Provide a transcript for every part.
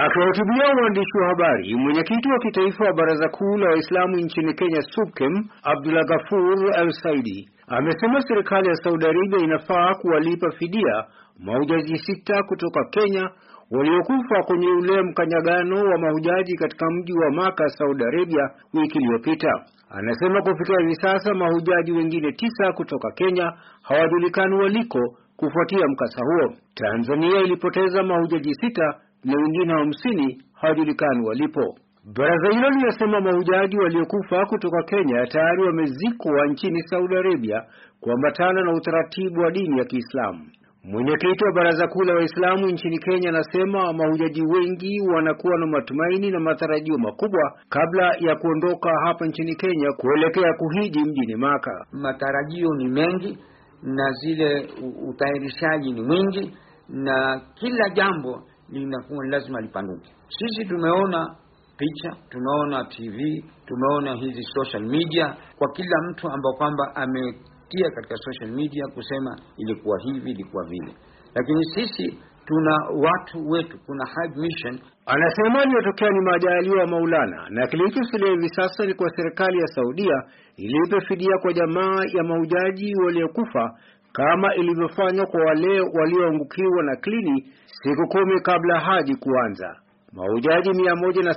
Akiwahutubia waandishi wa habari, mwenyekiti wa kitaifa wa Baraza Kuu la Waislamu nchini Kenya SUPKEM, Abdullah Ghafur al Saidi, amesema serikali ya Saudi Arabia inafaa kuwalipa fidia mahujaji sita kutoka Kenya waliokufa kwenye ule mkanyagano wa mahujaji katika mji wa Maka, Saudi Arabia wiki iliyopita. Anasema kufikia hivi sasa mahujaji wengine tisa kutoka Kenya hawajulikani waliko kufuatia mkasa huo. Tanzania ilipoteza mahujaji sita na wengine hamsini hawajulikani walipo. Baraza hilo linasema mahujaji waliokufa kutoka Kenya tayari wamezikwa nchini Saudi Arabia kuambatana na utaratibu wa dini ya Kiislamu. Mwenyekiti wa Baraza Kuu la Waislamu nchini Kenya anasema mahujaji wengi wanakuwa na matumaini na matarajio makubwa kabla ya kuondoka hapa nchini Kenya kuelekea kuhiji mjini Maka. Matarajio ni mengi na zile utayarishaji ni mwingi na kila jambo linakuwa lazima lipanuke. Sisi tumeona picha, tumeona TV, tumeona hizi social media, kwa kila mtu ambao kwamba ametia katika social media kusema ilikuwa hivi, ilikuwa vile, lakini sisi tuna watu wetu, kuna Mission anasema aliyotokea ni majaliwa Maulana, na kilichosalia hivi sasa ni kwa serikali ya Saudia ilipe fidia kwa jamaa ya maujaji waliokufa kama ilivyofanywa kwa wale walioangukiwa na klini siku kumi kabla haji kuanza. Mahujaji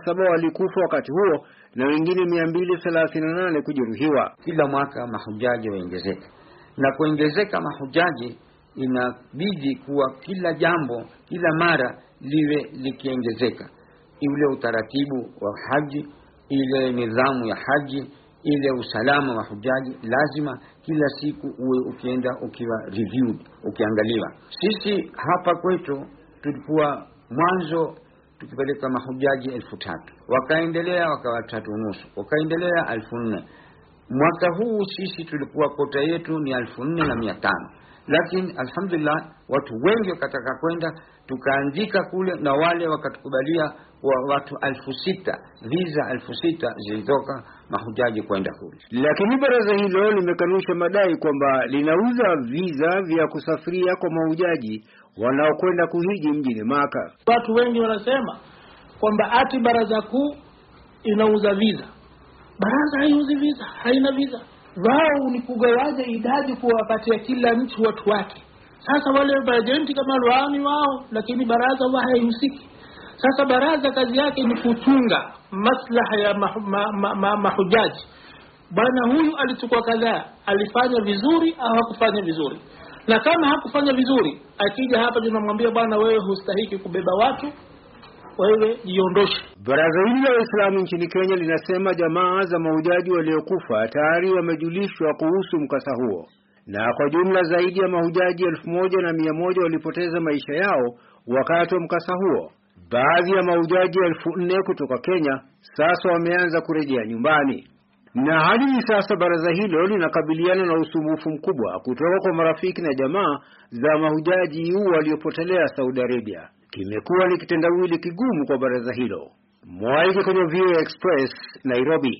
saba walikufa wakati huo na wengine nane kujeruhiwa. Kila mwaka mahujaji waongezeka, na kuongezeka mahujaji inabidi kuwa kila jambo kila mara liwe likiongezeka, ile utaratibu wa haji, ile nidhamu ya haji ile usalama wa hujaji lazima kila siku uwe ukienda ukiwa reviewed, ukiangaliwa. Sisi hapa kwetu tulikuwa mwanzo tukipeleka mahujaji elfu tatu wakaendelea wakawa tatu unusu wakaendelea elfu nne Mwaka huu sisi tulikuwa kota yetu ni elfu nne na mia tano lakini alhamdulillah watu wengi wakataka kwenda, tukaandika kule na wale wakatukubalia wa watu alfu sita visa elfu sita zilitoka mahujaji kwenda kule. Lakini baraza hilo limekanusha madai kwamba linauza visa vya kusafiria kwa mahujaji wanaokwenda kuhiji mjini Maka. Watu wengi wanasema kwamba ati baraza kuu inauza visa. Baraza haiuzi visa, haina visa wao ni kugawaza idadi kuwapatia kila mtu watu wake sasa wale bajenti kama lwani wao lakini baraza wa haihusiki sasa baraza kazi yake ni kuchunga maslaha ya mahujaji ma, ma, ma, ma bwana huyu alichukua kadhaa alifanya vizuri au hakufanya vizuri na kama hakufanya vizuri akija hapa tunamwambia bwana wewe hustahiki kubeba watu wewe jiondoshe. Baraza hili la Waislamu nchini Kenya linasema jamaa za mahujaji waliokufa tayari wamejulishwa kuhusu mkasa huo, na kwa jumla zaidi ya mahujaji elfu moja na mia moja walipoteza maisha yao wakati wa mkasa huo. Baadhi ya mahujaji elfu nne kutoka Kenya sasa wameanza kurejea nyumbani, na hadi hivi sasa baraza hilo linakabiliana na usumbufu mkubwa kutoka kwa marafiki na jamaa za mahujaji huu waliopotelea Saudi Arabia kimekuwa ni kitendawili kigumu kwa baraza hilo. Mwaige kwenye VOA Express, Nairobi.